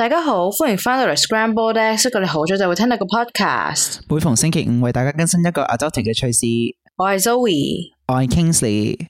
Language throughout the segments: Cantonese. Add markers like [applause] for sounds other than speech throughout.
大家好，歡迎翻到嚟 Scrambled Eggs。如果你好咗，就會聽到一個 podcast。每逢星期五為大家更新一個 Adulting 嘅趣事。我係 Zoe，我係 Kingsley。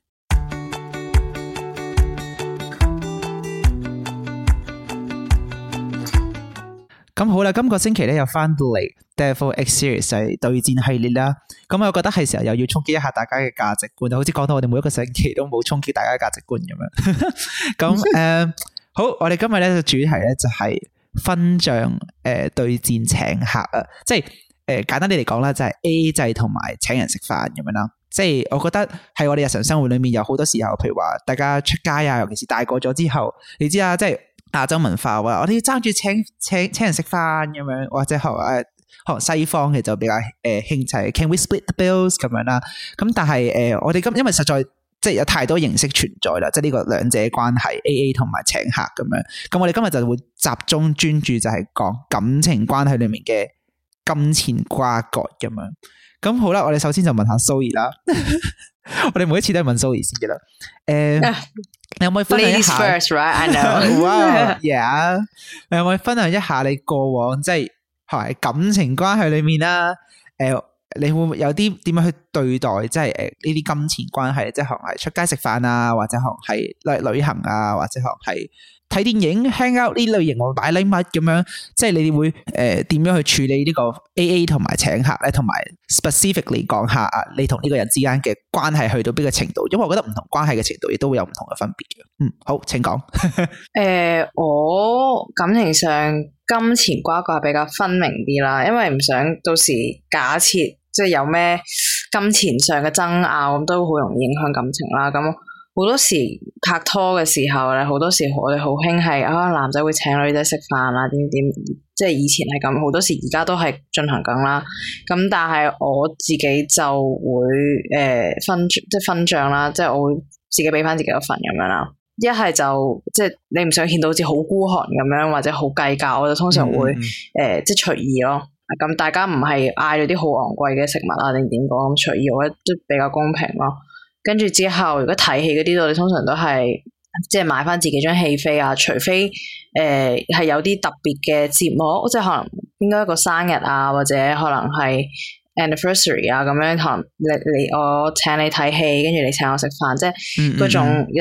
咁好啦，今個星期咧又翻到嚟 Deviled Egg Series 對戰系列啦。咁我覺得係時候又要衝擊一下大家嘅價值觀，好似講到我哋每一個星期都冇衝擊大家嘅價值觀咁樣。咁誒。好，我哋今日咧嘅主題咧就係分賬誒對戰請客啊，即係誒、呃、簡單啲嚟講啦，就係、是、A 制同埋請人食飯咁樣啦。即係我覺得喺我哋日常生活裏面有好多時候，譬如話大家出街啊，尤其是大個咗之後，你知啊，即係亞洲文化話我哋要爭住請請請人食飯咁樣，或者學誒學西方嘅就比較誒、呃、興趣，Can we split the bills 咁樣啦？咁但係誒、呃、我哋今因為實在。即係有太多形式存在啦，即係呢個兩者關係，AA 同埋請客咁樣。咁我哋今日就會集中專注，就係講感情關係裏面嘅金錢瓜葛咁樣。咁好啦，我哋首先就問下 Zoe 啦。 [laughs] [laughs] 我哋每一次都係問 Zoe 先嘅啦。誒、呃，uh, 你可唔可以分享一下 Please first, right? I know. [laughs] [laughs] Yeah, 你可唔可以分享一下你過往即係係感情關係裏面啦？誒、呃。你會唔會有啲點樣去對待，即係誒呢啲金錢關係，即係好似係出街食飯啊，或者好似係旅旅行啊，或者好似係睇電影、 [music] hang out 呢類型，我買禮物咁樣，即係你哋會誒點、呃、樣去處理呢個 A A 同埋請客咧，同埋 specifically 講下，你同呢個人之間嘅關係去到邊個程度？因為我覺得唔同關係嘅程度亦都會有唔同嘅分別嘅。嗯，好，請講。誒、 [laughs] 呃，我感情上金錢瓜葛比較分明啲啦，因為唔想到時假設。即係有咩金錢上嘅爭拗咁，都好容易影響感情啦。咁好多時拍拖嘅時候咧，好多時我哋好興係啊，男仔會請女仔食飯啊，點點即係以前係咁，好多時而家都係進行緊啦。咁但係我自己就會誒、呃、分即係分賬啦，即係我會自己俾翻自己一份咁樣啦。一係就即係你唔想顯到好似好孤寒咁樣，或者好計較，我就通常會誒、嗯嗯呃、即係隨意咯。咁大家唔係嗌咗啲好昂貴嘅食物啊，定點講咁，隨意我覺得都比較公平咯。跟住之後，如果睇戲嗰啲，我哋通常都係即係買翻自己張戲飛啊，除非誒係、呃、有啲特別嘅節目，即係可能應該一個生日啊，或者可能係 anniversary 啊咁樣，可能你你我請你睇戲，跟住你請我食飯，嗯嗯，即係嗰種日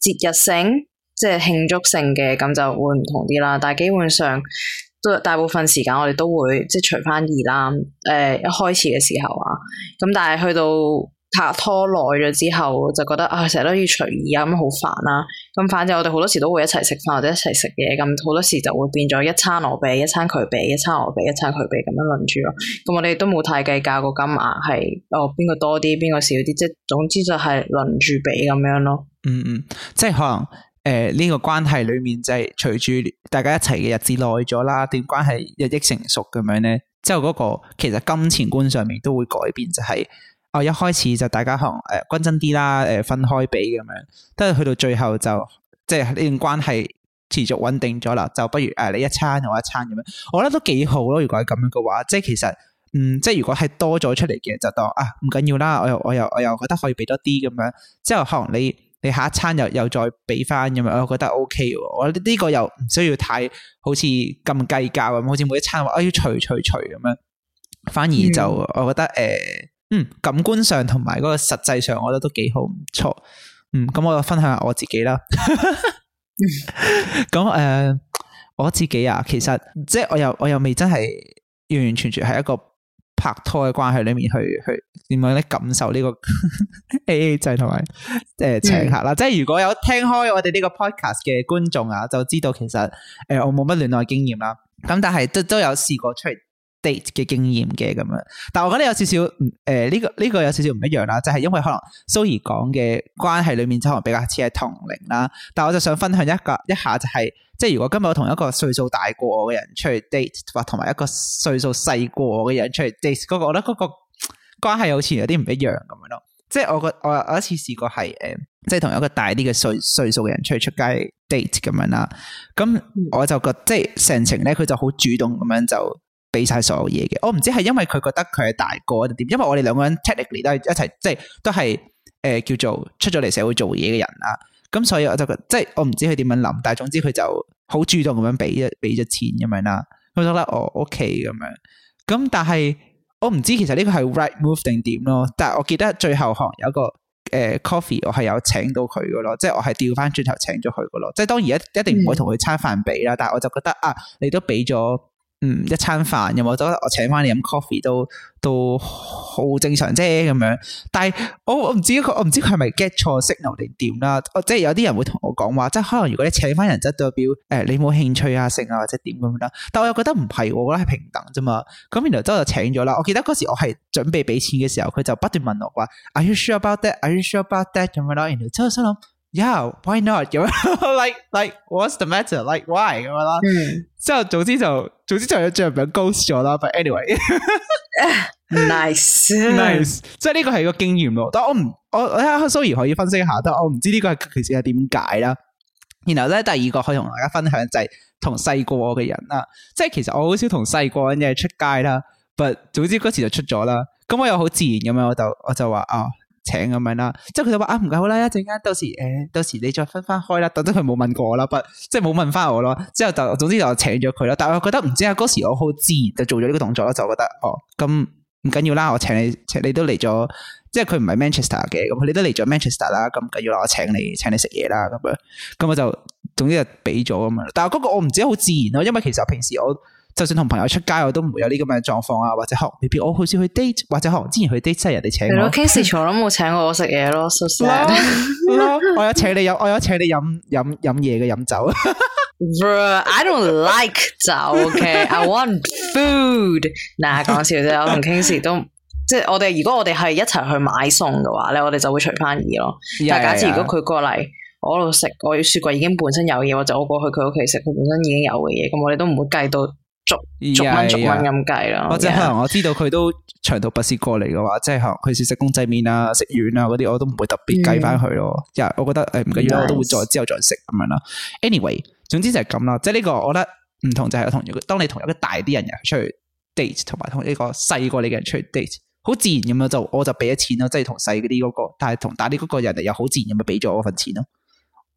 節日性即係慶祝性嘅，咁就會唔同啲啦。但係基本上。都大部分時間我哋都會即係隨翻意除翻二啦，誒、呃、一開始嘅時候啊，咁但係去到拍拖耐咗之後，就覺得啊成日都要除二啊，咁好煩啦。咁、嗯、反正我哋好多時都會一齊食飯或者一齊食嘢，咁、嗯、好多時就會變咗一餐我俾，一餐佢俾，一餐我俾，一餐佢俾咁樣輪住咯。咁我哋都冇太計較個金額係哦邊個多啲邊個少啲，即係總之就係輪住俾咁樣咯。嗯嗯，即係可能。誒，呢、呃，這個關係裏面就係隨住大家一齊嘅日子耐咗啦，段關係日益成熟咁樣咧，之後嗰、那個其實金錢觀上面都會改變，就是，就係哦，一開始就大家可能誒、呃、均真啲啦，誒、呃、分開俾咁樣，但係去到最後就即係呢段關係持續穩定咗啦，就不如誒、呃、你一餐我一餐咁樣，我覺得都幾好咯。如果係咁樣嘅話，即係其實嗯，即係如果係多咗出嚟嘅，就當啊唔緊要啦，我又我又，我又，我，又我又覺得可以俾多啲咁樣，之後可能你。你下一餐又又再俾翻咁樣，我覺得 O K 嘅，我呢呢個又唔需要太好似咁計較咁，好似每一餐話啊要除除除咁樣，反而就、嗯、我覺得誒、呃，嗯，感官上同埋嗰個實際上，我覺得都幾好唔錯，嗯，咁我就分享下我自己啦，咁 [laughs] 誒、 [laughs] [laughs] 呃，我自己啊，其實即係我又我又未真係完完全全係一個。拍拖嘅關係裏面去去點樣咧感受呢個 [laughs] AA 制同埋即係誒請客啦，嗯、即係如果有聽開我哋呢個 podcast 嘅觀眾啊，就知道其實誒、呃、我冇乜戀愛經驗啦，咁但係都都有試過出。嘅經驗嘅咁樣，但係我覺得有少少誒呢個呢、這個有少少唔一樣啦，就係、是、因為可能蘇怡講嘅關係裏面，可能比較似係同齡啦。但係我就想分享一個一下、就是，就係即係如果今日我同一個歲數大過我嘅人出去 date，或同埋一個歲數細過我嘅人出去 date，嗰、那個我覺得嗰個關係好似有啲唔一樣咁樣咯。即係我個我有一次試過係誒，即係同一個大啲嘅歲歲數嘅人出去出街 date 咁樣啦。咁我就覺即係成程咧，佢就好主動咁樣就。俾晒所有嘢嘅，我唔知係因為佢覺得佢係大個定點，因為我哋兩個人 technically 都係一齊，即係都係誒、呃、叫做出咗嚟社會做嘢嘅人啦。咁所以我就覺即係我唔知佢點樣諗，但係總之佢就好主動咁樣俾咗俾咗錢咁樣啦。佢覺得哦，OK 咁樣。咁但係我唔知其實呢個係 right move 定點咯。但係我記得最後可能有一個誒、呃、coffee，我係有請到佢嘅咯，即係我係調翻轉頭請咗佢嘅咯。即係當然一一定唔會同佢餐飯俾啦。嗯、但係我就覺得啊，你都俾咗。嗯，一餐飯有冇都我請翻你飲 coffee 都都好正常啫咁樣，但係我我唔知佢我唔知佢係咪 get 錯 signal 定點啦，即係有啲人會同我講話，即係可能如果你請翻人就代表，誒、欸、你冇興趣啊，性啊或者點咁樣啦，但我又覺得唔係，我覺得係平等啫嘛。咁原來之後就請咗啦，我記得嗰時我係準備俾錢嘅時候，佢就不斷問我話，Are you sure about that？Are you sure about that？咁樣啦，然之後我心諗。Yeah, why not? You know, like like what's the matter? Like why 咁樣啦？之後總之就總之就有 ghost 咗啦。But anyway, [laughs] uh, nice nice。即係呢個係一個經驗咯。但係我唔我我阿蘇怡可以分析下。但我唔知呢個係其實係點解啦。然後咧，第二個可以同大家分享就係同細個嘅人啦。即係其實我好少同細個嘅人出街啦。But 總之嗰次就出咗啦。咁我又好自然咁樣我就我就話啊。請咁樣啦，之後佢就話啊唔夠好啦一陣間，到時誒、欸、到時你再分返開啦。等等佢冇問過我啦，不即係冇問翻我咯。之後就總之就請咗佢咯。但係我覺得唔知啊，嗰時我好自然就做咗呢個動作咯，就覺得哦咁唔緊要啦，我請你請你都嚟咗，即係佢唔係 Manchester 嘅，咁佢都嚟咗 Manchester 啦，咁緊要啦，我請你請你食嘢啦咁樣，咁我就總之就俾咗咁樣。但係嗰個我唔知好自然咯，因為其實平時我。就算同朋友出街，我都唔會有呢咁嘅狀況啊，或者學 maybe 我好少去 date，或者學之前去 date 都係人哋請我。Kingsley 從來都冇請過我食嘢咯，sir。我有請你飲，我有請你飲飲嘢嘅飲酒。 [laughs] Bro, I don't like 酒，OK，I、okay. want food。嗱，講笑啫，我同 Kingsley 都即係我哋，如果我哋係一齊去買餸嘅話咧，我哋就會除翻二咯。Yeah, yeah, yeah. 但係假設如果佢過嚟我度食，我要雪櫃已經本身有嘢，我就我過去佢屋企食，佢本身已經有嘅嘢，咁我哋都唔會計到。逐逐蚊逐蚊咁計咯，或者 Yeah, yeah. 可能我知道佢都長途跋涉過嚟嘅話，Yeah. 即係佢試食公仔麪啊、食丸啊嗰啲，我都唔會特別計翻佢咯。因為、mm. yeah, 我覺得誒唔緊要，Yes. 我都會再之後再食咁樣啦。anyway，總之就係咁啦。即係呢個我覺得唔同就係同當你同一個大啲人嘅出去 date，同埋同一個細過你嘅人出去 date，好自然咁樣就我就俾咗錢咯。即係同細嗰啲嗰個，但係同大啲嗰個人又好自然咁樣俾咗我份錢咯。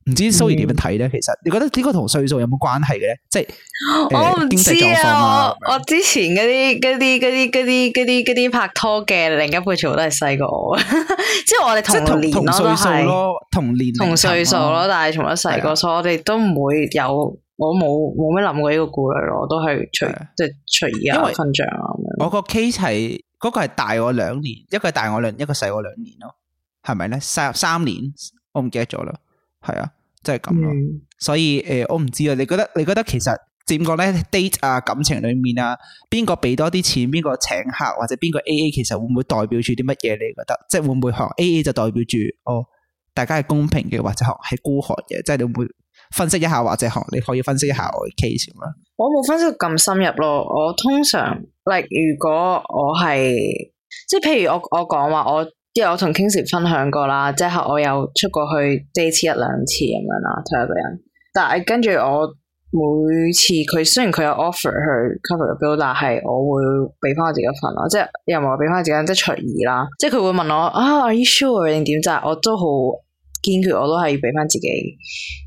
唔知 Zoe 點樣睇咧？嗯、其實你覺得個歲數有有呢個同歲數有冇關係嘅咧？即、就、係、是呃、我唔知啊！啊、我之前嗰啲、啲、啲、啲、啲、啲拍拖嘅另一半全部都係細過我， [laughs] 即係我哋同年咯、啊，同歲數咯，同年、啊、同歲數咯，但係全一都細過。是啊、所以我哋都唔會有，我冇冇咩諗過呢個顧慮咯，都係隨即隨意啊分帳啊我。我、我個 case 係嗰個係大我兩年，一個係大我兩，一個細我兩年咯，係咪咧？三三年我唔記得咗啦。係啊，即係咁咯。嗯、所以誒、呃，我唔知啊。你覺得你覺得其實點講咧？Date 啊，感情裏面啊，邊個俾多啲錢，邊個請客或者邊個 AA，其實會唔會代表住啲乜嘢？你覺得即係會唔會學 AA 就代表住哦？大家係公平嘅，或者學係孤寒嘅？即係你會，會分析一下，或者學你可以分析一下我嘅 case 啦。我冇分析咁深入咯。我通常，例如如果我係即係，譬如我我講話我。即係我同 Kingsley 分享過啦，即係我有出過去 dates 一兩次咁樣啦，睇下個人。但係跟住我每次佢雖然佢有 offer 去 cover 嘅 bill，但係我會俾翻我自己一份咯，即係又唔係話俾翻自己即係隨意啦。即係佢會問我啊、oh，Are you sure 定點？但係我都好堅決，我都係要俾翻自己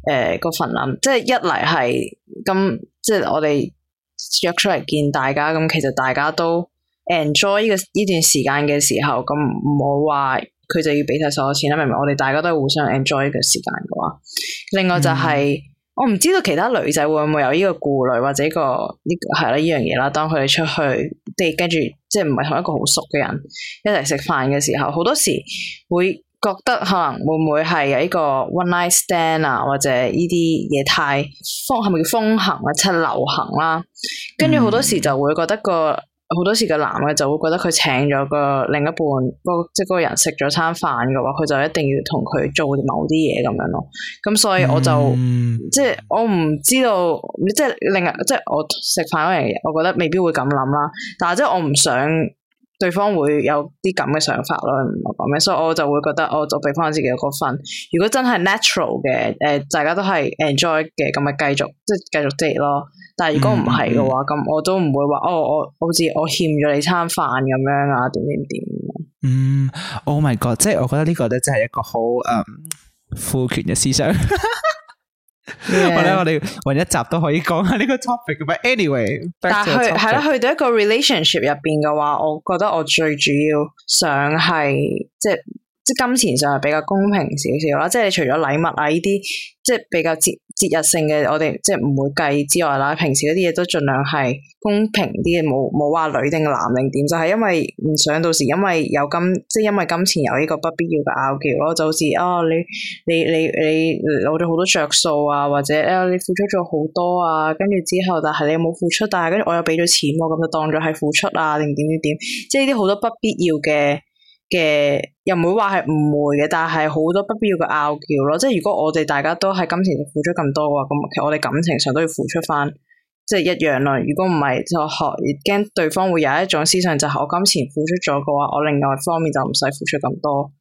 誒份諗。即係一嚟係咁，即係我哋約出嚟見大家咁，其實大家都 enjoy 呢個呢段時間嘅時候，咁唔好話佢就要俾晒所有錢啦，明唔明？我哋大家都係互相 enjoy 嘅時間嘅話，另外就係、是嗯、我唔知道其他女仔會唔會有呢個顧慮或者、呢個呢係啦呢樣嘢啦。當佢哋出去，即係跟住即係唔係同一個好熟嘅人一齊食飯嘅時候，好多時會覺得可能會唔會係有一個 one night stand 啊，或者呢啲嘢太風係咪叫風行，或者行啊、出流行啦？跟住好多時就會覺得個。嗯好多時個男嘅就會覺得佢請咗個另一半，即係嗰個人食咗餐飯嘅話，佢就一定要同佢做某啲嘢咁樣咯。咁所以我就、嗯、即係我唔知道，即係另外即係我食飯嗰樣嘢，我覺得未必會咁諗啦。但係即係我唔想。對方會有啲咁嘅想法咯，唔係咁樣，所以我就會覺得，我就俾翻自己一個分。如果真係 natural 嘅，誒、呃，大家都係 enjoy 嘅，咁咪繼續，即係繼續接咯。但係如果唔係嘅話，咁、嗯、我都唔會話，嗯、哦，我好似我，我欠咗你餐飯咁樣啊，點點點。嗯，Oh my God, 即係我覺得呢個咧，真係一個好誒，父、um, 權嘅思想。 [laughs] 或者 Yeah. 我哋揾一集都可以講下呢個 anyway, to topic，但係 Anyway，但係係咯，去到一個 relationship 入邊嘅話，我覺得我最主要想係即係。即係金錢上係比較公平少少啦，即係除咗禮物啊呢啲，即係比較節節日性嘅，我哋即係唔會計之外啦。平時嗰啲嘢，都盡量係公平啲嘅，冇冇話女定男定點，就係、是、因為唔想到時因為有金，即係因為金錢有呢個不必要嘅拗撬咯。就好似啊，你你你你攞咗好多着數啊，或者啊、哦、你付出咗好多啊，跟住之後但係你冇付出，但係跟住我又俾咗錢，我咁就當咗係付出啊，定點點點，即係呢啲好多不必要嘅。嘅又唔會話係誤會嘅，但係好多不必要嘅拗撬咯。即係如果我哋大家都喺金錢付出咁多嘅話，咁其實我哋感情上都要付出返，即係一樣咯。如果唔係就學驚對方會有一種思想，就係、是、我金錢付出咗嘅話，我另外一方面就唔使付出咁多。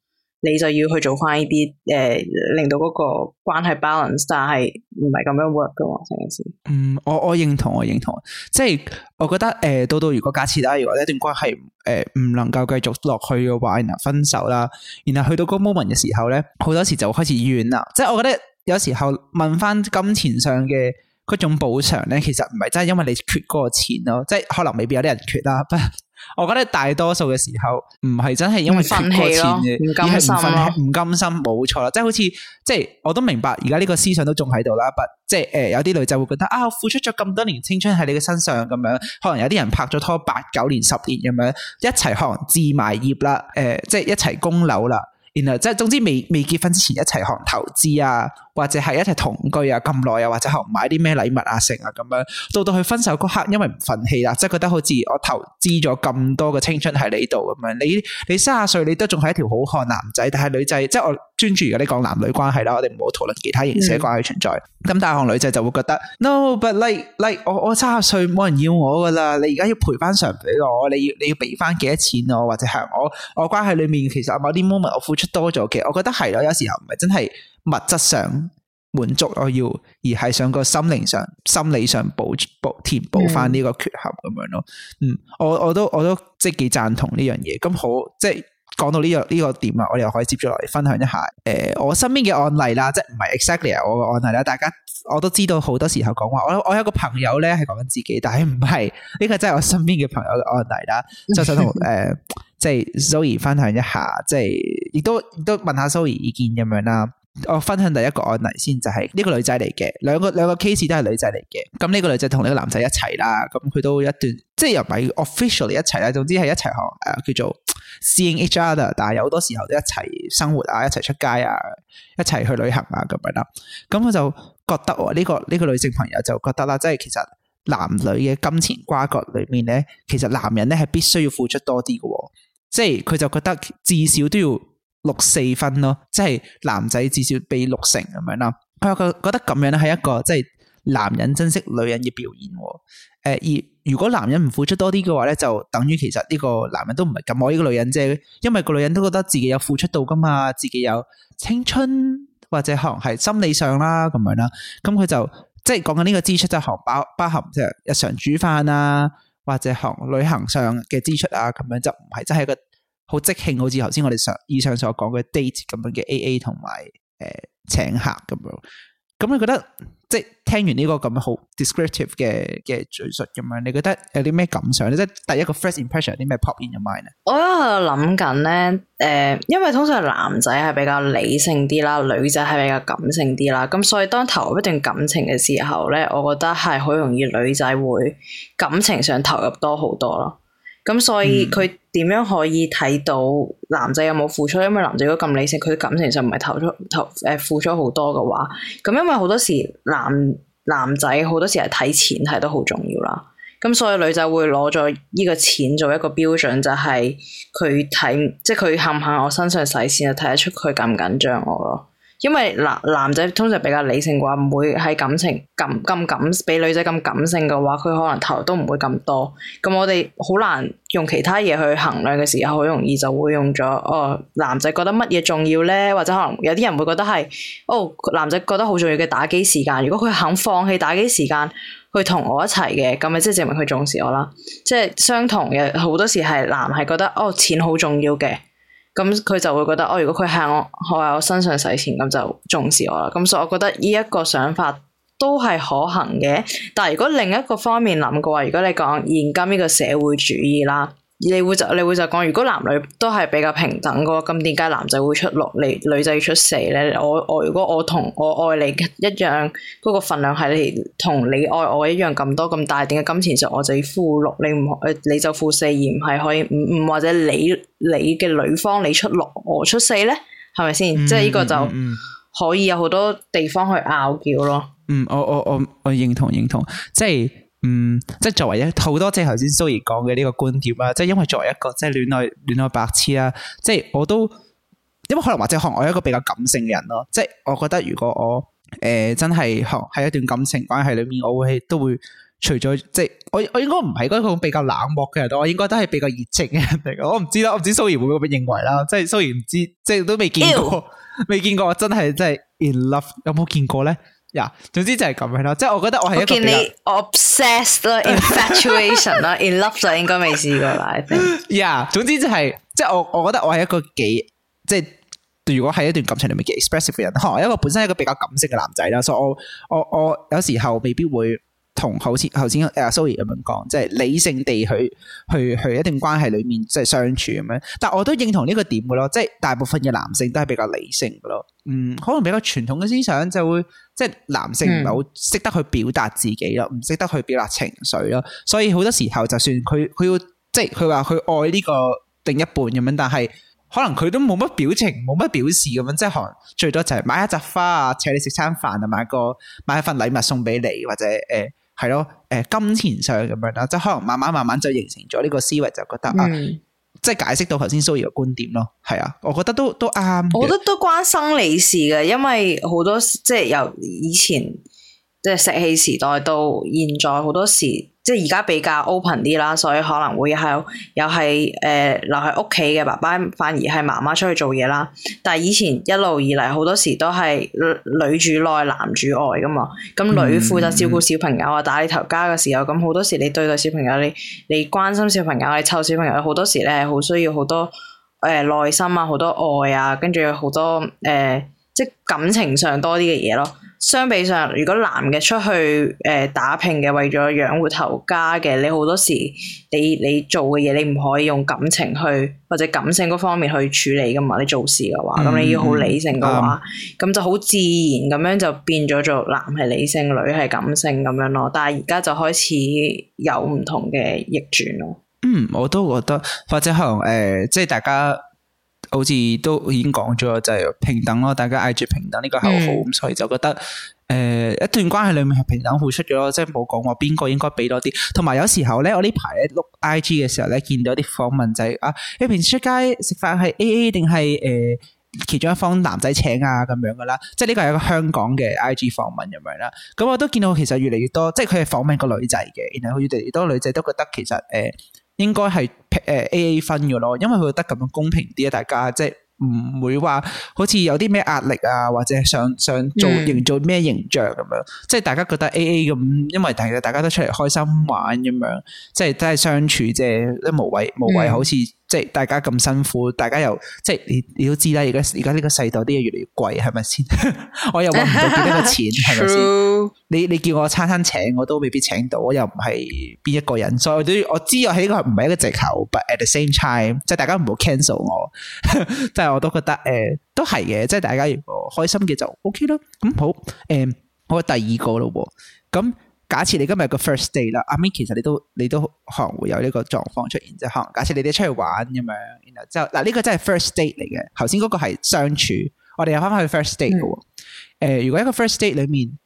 你就要去做翻呢啲，誒、呃，令到嗰個關係 balance，但係唔係咁樣 work 噶成件事。嗯，我我認同，我認同。即係我覺得，誒、呃，到到如果假設啦，如果一段關係，誒、呃，唔能夠繼續落去嘅話，然後分手啦，然後去到嗰 moment 嘅時候咧，好多時就會開始怨啦。即係我覺得，有時候問翻金錢上嘅嗰種補償咧，其實唔係真係因為你缺嗰個錢咯，即係可能未必有啲人缺啦，不。 [laughs] 我覺得大多數嘅時候唔係真係因為缺過錢嘅，分心而係唔忿氣、唔甘心，冇錯啦。即、就、係、是、好似即係，就是、我都明白而家呢個思想都仲喺度啦。不、就是，即係誒，有啲女仔會覺得啊，我付出咗咁多年青春喺你嘅身上咁樣，可能有啲人拍咗拖八九年、十年咁樣，一齊可能置埋業啦，誒、呃，即、就、係、是、一齊供樓啦。然後即係總之未未結婚之前一齊學投資啊，或者係一齊同居啊咁耐啊，或者係買啲咩禮物啊成啊咁樣，到到佢分手嗰刻，因為唔憤氣啦，即係覺得好似我投資咗咁多嘅青春喺呢度咁樣，你你卅歲你都仲係一條好漢男仔，但係女仔即係我專注如果你講男女關係啦，我哋唔好討論其他形式嘅關係存在。咁、嗯、但係女仔就會覺得 no but like like 我我卅歲冇人要我噶啦，你而家要賠翻償俾我，你要你要俾翻幾多錢我，啊，或者係我我關係裡面其實某啲 moment 我付出。多咗嘅，我覺得係咯，有時候唔係真係物質上滿足我要，而係想個心靈上、心理上補補填補翻呢個缺陷咁樣咯。嗯、嗯，我我都我都即係幾贊同呢樣嘢。咁好即係。講到呢、這個呢、這個點啦，我哋又可以接住落嚟，分享一下。誒、呃，我身邊嘅案例啦，即係唔係 exactly 我嘅案例啦。大家我都知道好多時候講話，我我有一個朋友咧係講緊自己，但係唔係呢個真係我身邊嘅朋友嘅案例啦。就 [laughs] 想同誒、呃、即係 Zoe 分享一下，即係亦都亦都問下 Zoe 意見咁樣啦。我分享第一個案例先，就係、是、呢個女仔嚟嘅，兩個兩個 case 都係女仔嚟嘅。咁呢個女仔同呢個男仔一齊啦，咁佢都一段即係又唔係 officially 一齊啦，總之係一齊行、呃，叫做。seeing each other，但係有好多時候都一齊生活啊，一齊出街啊，一齊去旅行啊咁樣啦。咁我就覺得呢個呢個女性朋友就覺得啦，即係其實男女嘅金錢瓜葛裏面咧，其實男人咧係必須要付出多啲嘅，即係佢就覺得至少都要六四分咯，即係男仔至少俾六成咁樣啦。佢話覺得咁樣咧係一個即係。男人珍惜女人嘅表現，誒、呃、而如果男人唔付出多啲嘅話咧，就等於其實呢個男人都唔係咁愛呢個女人啫。因為個女人都覺得自己有付出到噶嘛，自己有青春或者可能係心理上啦咁樣啦。咁、嗯、佢就即係講緊呢個支出就含包包含即係日常煮飯啊，或者行旅行上嘅支出啊咁樣就唔係，真係一個好即興，好似頭先我哋上以上所講嘅 date 咁樣嘅 A A 同埋誒、呃、請客咁樣。咁你覺得即係聽完呢個咁好 descriptive 嘅嘅敘述咁樣，你覺得有啲咩感想？即係第一個 first impression 有啲咩 pop in your mind 咧？我喺度諗緊咧，誒，因為通常男仔係比較理性啲啦，女仔係比較感性啲啦，咁所以當投入一段感情嘅時候咧，我覺得係好容易女仔會感情上投入多好多咯。咁所以佢、嗯。點樣可以睇到男仔有冇付出？因為男仔如果咁理性，佢感情上唔係投出投誒、欸、付出好多嘅話，咁因為好多時男男仔好多時係睇錢睇得好重要啦。咁所以女仔會攞咗呢個錢做一個標準，就係佢睇，即係佢肯唔肯我身上使錢，就睇得出佢緊唔緊張我咯。因為男男仔通常比較理性嘅話，唔會喺感情咁咁感，比女仔咁感性嘅話，佢可能投入都唔會咁多。咁我哋好難用其他嘢去衡量嘅時候，好容易就會用咗哦，男仔覺得乜嘢重要咧？或者可能有啲人會覺得係哦，男仔覺得好重要嘅打機時間。如果佢肯放棄打機時間去同我一齊嘅，咁咪即係證明佢重視我啦。即係相同嘅好多時係男係覺得哦錢好重要嘅。咁佢就會覺得，哦，如果佢喺我，喺我身上使錢，咁就重視我啦。咁所以，我覺得呢一個想法都係可行嘅。但係如果另一個方面諗嘅話，如果你講現今呢個社會主義啦。你會就你會就講，如果男女都係比較平等嘅話，咁點解男仔會出六，你女仔要出四咧？我我如果我同我愛你一樣嗰、嗰個份量係你同你愛我一樣咁多咁大，點解金錢上我就要付六，你唔誒你就付四，而唔係可以五五或者你你嘅女方你出六，我出四咧？係咪先？嗯、即係呢個就可以有好多地方去拗撬咯。嗯，我我我我認同認同，即係。嗯，即係作為一，好多即係頭先 Zoe 講嘅呢個觀點啦，即係因為作為一個即係戀愛戀愛白痴啦，即係我都，因為可能或者係我係一個比較感性嘅人咯，即係我覺得如果我誒、呃、真係學喺一段感情關係裏面，我會都會除咗即係我我應該唔係嗰種比較冷漠嘅人咯，我應該都係比較熱情嘅人嚟，我唔知啦，我唔知 Zoe 會唔會認為啦，即係 Zoe 唔知即係都未見過，未 Ew. 見過我，我真係真係 in love 有冇見過咧？呀，yeah, 總之就係咁樣咯，即係我覺得我係一個見你 obsessed 啦 [laughs] ，infatuation 啦 [laughs] ，in love 就應該未試過啦。y、yeah, 總之就係、係，即係我我覺得我係一個幾，即係如果係一段感情裡面幾 expressive 嘅人，嚇，一個本身係一個比較感性嘅男仔啦，所以我我我有時候未必會。同好似頭先誒 Zoe 咁樣講，即係理性地去去去一定關係裏面即係相處咁樣。但係我都認同呢個點嘅咯，即係大部分嘅男性都係比較理性嘅咯。嗯，可能比較傳統嘅思想就會即係男性唔係好識得去表達自己咯，唔識得去表達情緒咯。所以好多時候就，就算佢佢要即係佢話佢愛呢個另一半咁樣，但係可能佢都冇乜表情，冇乜表示咁樣，即係最多就係買一扎花啊，請你食餐飯啊，買個買一份禮物送俾你或者誒。欸係咯，誒、欸、金錢上咁樣啦，即係可能慢慢慢慢就形成咗呢個思維，就覺得啊，嗯、即係解釋到頭先蘇怡嘅觀點咯。係啊，我覺得都都啱。我覺得都關生理事嘅，因為好多即係由以前。即係石器時代到現在，好多時即係而家比較 open 啲啦，所以可能會係又係誒留喺屋企嘅爸爸，反而係媽媽出去做嘢啦。但係以前一路以嚟，好多時都係女主內，男主外㗎嘛。咁女負責照顧小朋友啊，打理頭家嘅時候，咁好多時你對待小朋友，你你關心小朋友，你湊小朋友，好多時你係好需要好多誒、呃、耐心啊，好多愛啊，跟住好多誒、呃、即係感情上多啲嘅嘢咯。相比上，如果男嘅出去誒打拼嘅，為咗養活頭家嘅，你好多時，你你做嘅嘢，你唔可以用感情去或者感性嗰方面去處理噶嘛？你做事嘅話，咁你要好理性嘅話，咁、嗯、就好自然咁樣就變咗做男係理性，女係感性咁樣咯。但係而家就開始有唔同嘅逆轉咯。嗯，我都覺得或者可能誒即係大家。好似都已經講咗就係、是、平等咯，大家嗌住平等呢個口號，咁、嗯、所以就覺得誒、呃、一段關係裡面係平等付出咗咯，即係冇講話邊個應該俾多啲。同埋有，有時候咧，我呢排喺碌 I G 嘅時候咧，見到啲訪問仔，啊，你平時出街食飯係 A A 定係誒其中一方男仔請啊咁樣噶啦，即係呢個係一個香港嘅 I G 訪問咁樣啦。咁我都見到其實越嚟越多，即係佢係訪問個女仔嘅，然後佢哋越嚟越多女仔都覺得其實誒。呃應該係誒 A A 分嘅咯，因為佢覺得咁樣公平啲啊！大家即係唔會話好似有啲咩壓力啊，或者想想做營造咩形象咁樣，即係大家覺得 A A 咁，因為大家大家都出嚟開心玩咁樣，即係真係相處啫，都無謂無謂，好似、嗯。即係大家咁辛苦，大家又即係你你都知啦。而家而家呢個世代啲嘢越嚟越貴，係咪先？ [laughs] 我又揾唔到幾多個錢，係咪先？ [laughs] 你你叫我餐餐請，我都未必請到。我又唔係邊一個人，所以我,我知我喺呢個唔係一個藉口 but at the same time，即係大家唔好 cancel 我。即 [laughs] 係我都覺得誒、呃，都係嘅。即係大家如果開心嘅就 OK 啦。咁好，誒、呃，我第二個咯噃，咁。假設你今日個 first date 啦，阿 m i 其實你都你都可能會有呢個狀況出現，即係可能假設你哋出去玩咁樣，之後嗱呢、啊這個真係 first date 嚟嘅。頭先嗰個係相處，嗯、我哋又翻翻去 first date 嘅，誒、嗯呃、如果一個 first date 裏面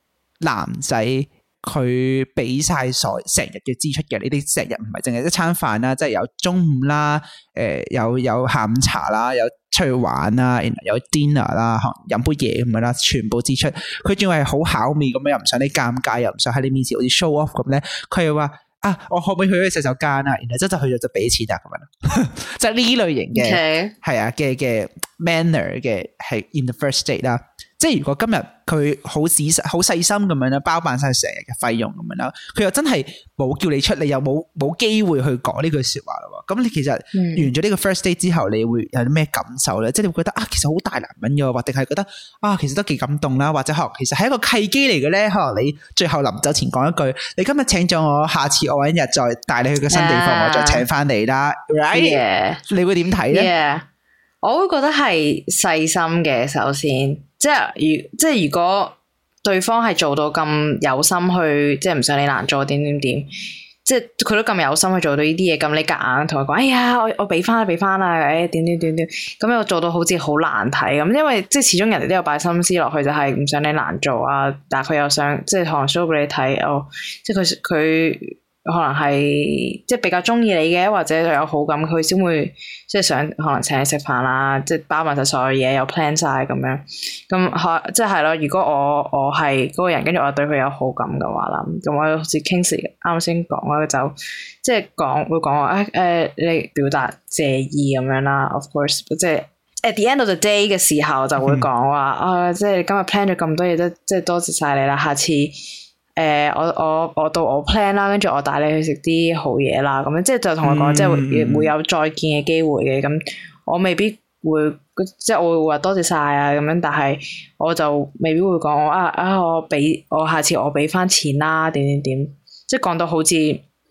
男仔。佢俾晒所成日嘅支出嘅呢啲成日唔係淨係一餐飯啦，即、就、係、是、有中午啦，誒、呃、有有下午茶啦，有出去玩啦，然後有 dinner 啦，喝飲杯嘢咁樣啦，全部支出，佢仲係好巧妙咁樣，又唔想你尷尬，又唔想喺你面前好似 show off 咁咧，佢又話啊，我可唔可以去下洗手間啊？然後即就去咗就俾錢啊，咁樣，就呢類型嘅係啊嘅嘅 manner 嘅係 in the first date 啦。即係如果今日佢好仔細好細心咁樣啦，包辦晒成日嘅費用咁樣啦，佢又真係冇叫你出，你又冇冇機會去講呢句說話咯，咁你其實完咗呢個 first day 之後，你會有啲咩感受咧？即係你會覺得啊，其實好大男人嘅，或定係覺得啊，其實都幾感動啦，或者學其實係一個契機嚟嘅咧？可能你最後臨走前講一句，你今日請咗我，下次我搵日再帶你去個新地方 yeah, 我再請翻你啦 right yeah, 你會點睇咧？我會覺得係細心嘅首先。即係如即係如果對方係做到咁有心去，即係唔想你難做點點點，即係佢都咁有心去做到呢啲嘢，咁你夾硬同佢講，哎呀，我我俾翻啦俾翻啦，誒點點點點，咁又做到好似好難睇咁，因為即係始終人哋都有擺心思落去，就係唔想你難做啊，但係佢又想即係行 show 俾你睇哦，即係佢佢。可能係即係比較中意你嘅，或者佢有好感，佢先會即係想可能請你食飯啦，即係包埋晒所有嘢，又 plan 晒咁樣。咁即係咯，如果我我係嗰個人，跟住我對佢有好感嘅話啦，咁我好似 Kingsley 啱先講啦，就即係講，會講話誒誒，你表達謝意咁樣啦。Of course，即係 at the end of the day 嘅時候就會講話、嗯、啊，即係今日 plan 咗咁多嘢，都即係多謝晒你啦，下次。誒、呃，我我我到我 plan 啦，跟住我帶你去食啲好嘢啦，咁樣即係就同佢講，即係、嗯、會,會有再見嘅機會嘅，咁我未必會即係我會話多謝晒啊咁樣，但係我就未必會講、啊啊啊、我啊啊我俾我下次我俾翻錢啦點點點，即係講到好似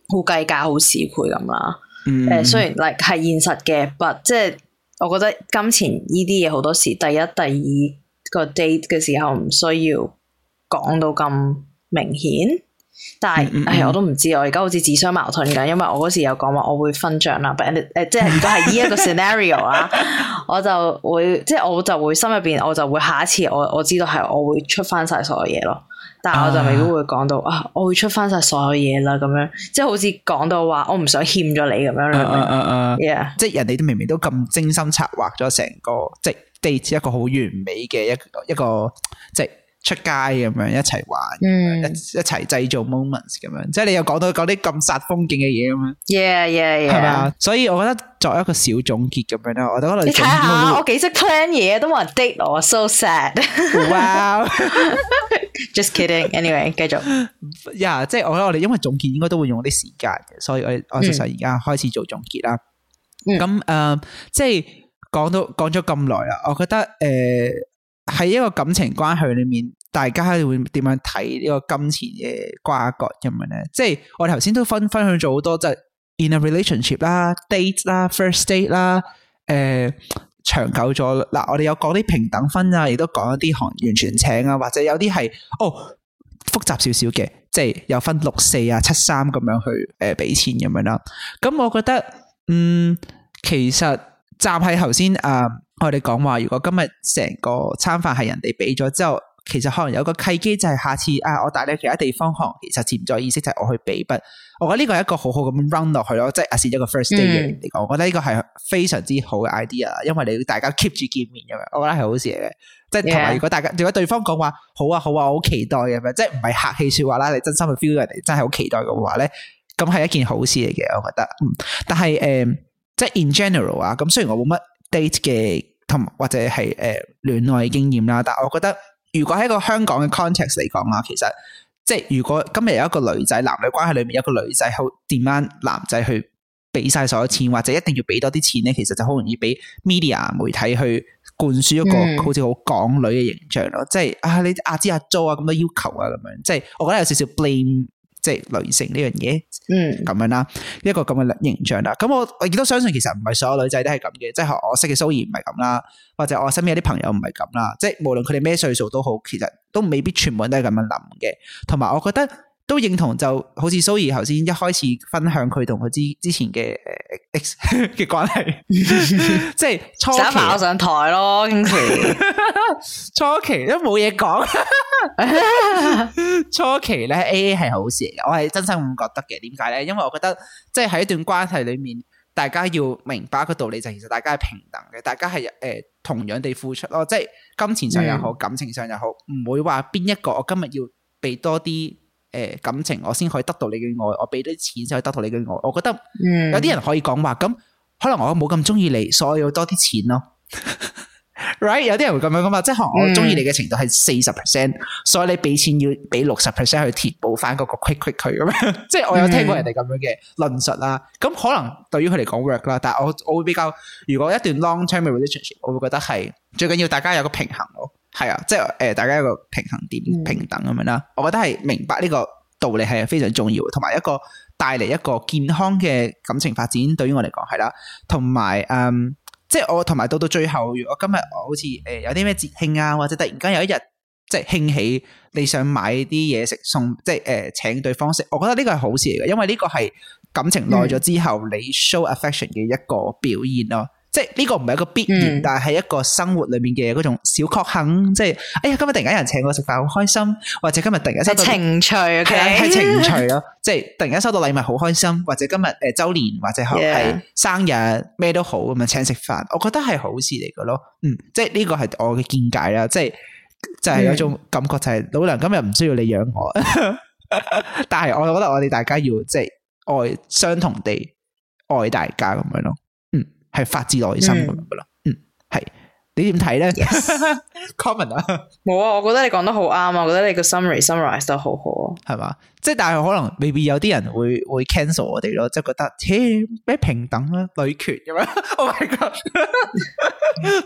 好計較、好市儈咁啦。誒、嗯呃，雖然係、like, 現實嘅，but 即係我覺得金錢呢啲嘢好多時第一、第二個 date 嘅時候唔需要講到咁。明顯，但係，哎、嗯嗯嗯嗯、我都唔知，我而家好似自相矛盾緊，因為我嗰時有講話我會分賬啦，俾人哋誒、呃，即係如果係呢一個 scenario 啊， [laughs] 我就會，即係我就會心入邊，我就會下一次我我知道係我會出翻晒所有嘢咯，但係我就未必會講到啊，啊，我會出翻晒所有嘢啦，咁樣，即係好似講到話我唔想欠咗你咁樣，嗯嗯嗯，yeah，即係人哋都明明都咁精心策劃咗成個，即係 date 一個好完美嘅一個一個，一個，一個，一個即出街咁樣一齊玩，一一齊製造 moments 咁樣，即係你又講到講啲咁煞風景嘅嘢咁樣，係嘛？所以我覺得作為一個小總結咁樣咧，我喺嗰度。你睇下，我幾識 plan 嘢都冇人 date 我，so sad。Wow，just kidding。Anyway，繼續。呀，即係我覺得，我哋因為總結應該都會用啲時間嘅，所以我我就想而家開始做總結啦。咁誒，即係講到講咗咁耐啦，我覺得誒喺一個感情關係裏面。大家會點樣睇呢個金錢嘅瓜葛咁樣咧？即係我哋頭先都分分享咗好多，即係 in a relationship 啦、date 啦、first date 啦、呃，誒長久咗嗱，我哋有講啲平等分啊，亦都講一啲行完全請啊，或者有啲係哦複雜少少嘅，即係有分六四啊、七三咁樣去誒俾錢咁樣啦。咁我覺得嗯，其實站係頭先誒我哋講話，如果今日成個餐飯係人哋俾咗之後。其實可能有個契機就係下次啊，我帶你去其他地方，可能其實潛在意識就係我去俾筆、嗯，我覺得呢個係一個好好咁樣 run 落去咯，即係阿一個 first date 嚟講，我覺得呢個係非常之好嘅 idea 啦。因為你大家 keep 住見面咁樣，我覺得係好事嚟嘅。即係同埋如果大家 Yeah. 如果對方講話好啊好啊，我好期待咁樣，即係唔係客氣説話啦，你真心去 feel 人哋真係好期待嘅話咧，咁係一件好事嚟嘅，我覺得。嗯、但係誒、呃，即係 in general 啊，咁雖然我冇乜 date 嘅同或者係誒、呃、戀愛經驗啦，但係我覺得。如果喺一個香港嘅 context 嚟講啊，其實即係如果今日有一個女仔，男女關係裏面有個女仔，好點樣男仔去俾晒所有錢，或者一定要俾多啲錢咧，其實就好容易俾 media 媒,媒體去灌輸一個好似好港女嘅形象咯，嗯、即係啊你阿支阿租啊咁嘅、啊啊、要求啊咁樣，即係我覺得有少少 blame。即係女性呢樣嘢，嗯，嗯，咁樣啦，一個咁嘅形象啦。咁我亦都相信，其實唔係所有女仔都係咁嘅，即係我識嘅蘇怡唔係咁啦，或者我身邊有啲朋友唔係咁啦。即係無論佢哋咩歲數都好，其實都未必全部人都係咁樣諗嘅。同埋，我覺得。都認同，就好似 Zoe 頭先一開始分享佢同佢之之前嘅誒 X 嘅關係，即係初期上台咯，初期初期都冇嘢講，初期咧 AA 係好事嚟嘅，我係真心覺得嘅。點解咧？因為我覺得即係喺一段關係裏面，大家要明白一個道理，就係其實大家係平等嘅，大家係誒同樣地付出咯，即係金錢上又好，感情上又好，唔會話邊一個我今日要俾多啲。誒，感情我先可以得到你嘅愛，我俾啲錢先可以得到你嘅愛。我覺得有啲人可以講話，咁、嗯、可能我冇咁中意你，所以要多啲錢咯。 [laughs] Right，有啲人會咁樣講話，即係可能我中意你嘅程度係四十 percent，所以你俾錢要俾六十 percent 去填補翻嗰個 quick quick 佢咁樣。 [laughs] 即係我有聽過人哋咁樣嘅論述啦。咁、嗯、可能對於佢嚟講 work 啦，但係我我會比較，如果一段 long term relationship，我會覺得係最緊要大家有個平衡咯。係啊，即係誒，大家一個平衡點，平等咁樣啦。我覺得係明白呢個道理係非常重要，同埋一個帶嚟一個健康嘅感情發展。對於我嚟講係啦，同埋誒，即係我同埋到到最後，如果今日我好似誒、呃、有啲咩節慶啊，或者突然間有一日即係興起，你想買啲嘢食送，即係、呃、誒請對方食，我覺得呢個係好事嚟嘅，因為呢個係感情耐咗之後、嗯、你 show affection 嘅一個表現咯、啊。即係呢個唔係一個必然，但係一個生活裏面嘅嗰種小確幸。即係，哎呀，今日突然間有人請我食飯，好開心。或者今日突然間收到，係情趣，係啊，係情趣咯。即係突然間收到禮物好開心，或者今日誒周年，或者係生日咩都好咁樣請食飯，我覺得係好事嚟嘅咯。嗯，即係呢個係我嘅見解啦。即係就係有種感覺，就係老娘今日唔需要你養我，但係我覺得我哋大家要即係愛相同地愛大家咁樣咯。係發自內心咁樣噶啦，嗯，係，你點睇咧？Common 啊，冇啊，我覺得你講得好啱啊，我覺得你個 summary summarize 得好好，係嘛？即係，但係可能未必有啲人會會 cancel 我哋咯，即係覺得，切、欸、咩平等啊，女權咁、啊、樣？Oh my god，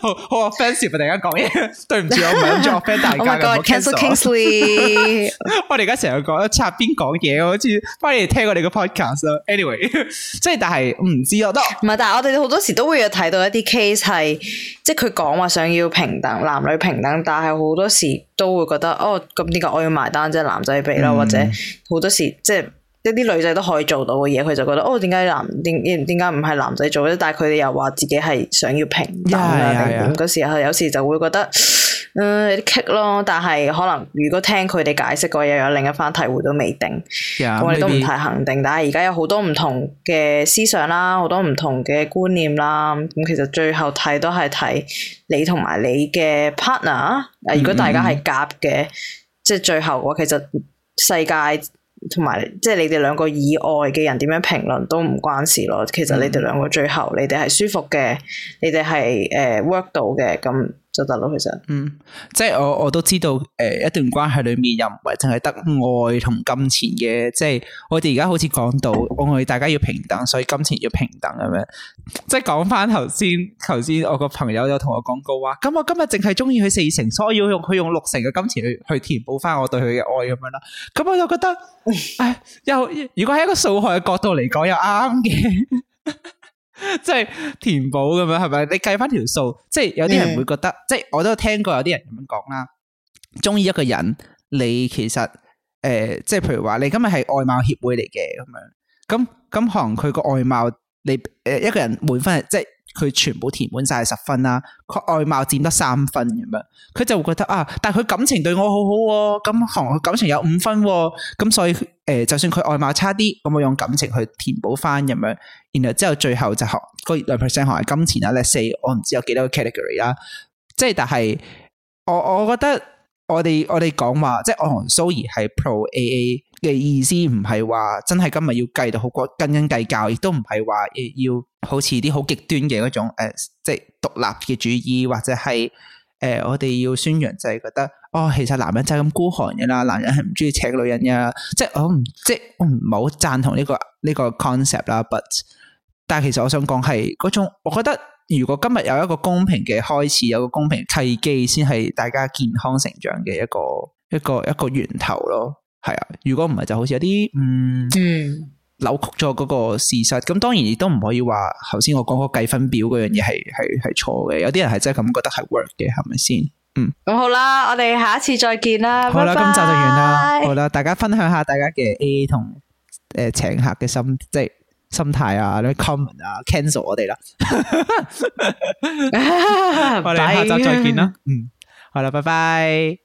[laughs] 好好 offensive 啊！大家講嘢，對唔住，我唔想再做 offend 大家嘅。我唔好 cancel Kingsley，我哋而家成日講插邊講嘢，我好似歡迎聽我哋嘅 podcast 咯。Anyway，即係但係唔知咯，得唔係？但係我哋好多時都會有睇到一啲 case 係，即係佢講話想要平等，男女平等，但係好多時。都會覺得哦，咁點解我要埋單啫？即係、男仔俾啦，嗯、或者好多時即係、即係、一啲女仔都可以做到嘅嘢，佢就覺得哦，點解男點點解唔係男仔做咧？但係佢哋又話自己係想要平等啊，定嗰 Yeah, yeah. 時候有時就會覺得。誒，啲激、uh, 咯，但係可能如果聽佢哋解釋過，有，有另一番體會都未定。我哋 Yeah, 都唔太肯定。maybe. 但係而家有好多唔同嘅思想啦，好多唔同嘅觀念啦。咁、嗯、其實最後睇都係睇你同埋你嘅 partner、啊。誒，如果大家係夾嘅，mm hmm. 即係最後嘅其實世界同埋即係你哋兩個以外嘅人點樣評論都唔關事咯。其實你哋兩個最後，你哋係舒服嘅，你哋係誒 work 到嘅咁。嗯就得咯，其實，嗯，即係我我都知道，誒、呃，一段關係裏面又唔係淨係得愛同金錢嘅，即係我哋而家好似講到，我哋大家要平等，所以金錢要平等咁樣。即係講翻頭先，頭先我個朋友有同我講過話，咁我今日淨係中意佢四成，所以要用佢用六成嘅金錢去去填補翻我對佢嘅愛咁樣啦。咁我就覺得，誒，又如果喺一個數學嘅角度嚟講，又啱嘅。即係 [laughs] 填補咁樣係咪？你計翻條數，即係有啲人會覺得，嗯、即係我都聽過有啲人咁樣講啦。中意一個人，你其實誒、呃，即係譬如話你今日係外貌協會嚟嘅咁樣，咁咁可能佢個外貌你誒，一個人滿分係即係。佢全部填滿晒十分啦，佢外貌佔得三分咁樣，佢就會覺得啊，但係佢感情對我好好，啊，咁行佢感情有五分，啊，咁所以誒、呃，就算佢外貌差啲，咁我用感情去填補翻咁樣，然後之後最後就學個 percent 學係金錢啊，let's say 我唔知有幾多個 category 啦，即係但係我我覺得我哋我哋講話即係我同 Zoe 係 pro A A。嘅意思唔係話真係今日要計到好過斤斤計較，亦都唔係話要要好似啲好極端嘅嗰種誒、呃，即係獨立嘅主義，或者係誒、呃、我哋要宣揚就係覺得哦，其實男人就係咁孤寒嘅啦，男人係唔中意請女人嘅，即係我唔即係我唔係好贊同呢個呢個 concept 啦。But 但係其實我想講係嗰種，我覺得如果今日有一個公平嘅開始，有個公平契機，先係大家健康成長嘅一個一個一個源頭咯。係啊，如果唔係，就好似有啲嗯，嗯扭曲咗嗰個事實。咁當然亦都唔可以話，頭先我講個計分表嗰樣嘢係係係錯嘅。有啲人係真係咁覺得係 work 嘅，係咪先？嗯，咁好啦，我哋下一次再見啦。好啦，今集就完啦。拜拜，好啦，大家分享下大家嘅 AA 同誒、呃、請客嘅心即係心態啊，你 comment 啊 cancel 我哋啦。我哋下集再見啦。嗯，好啦，拜拜。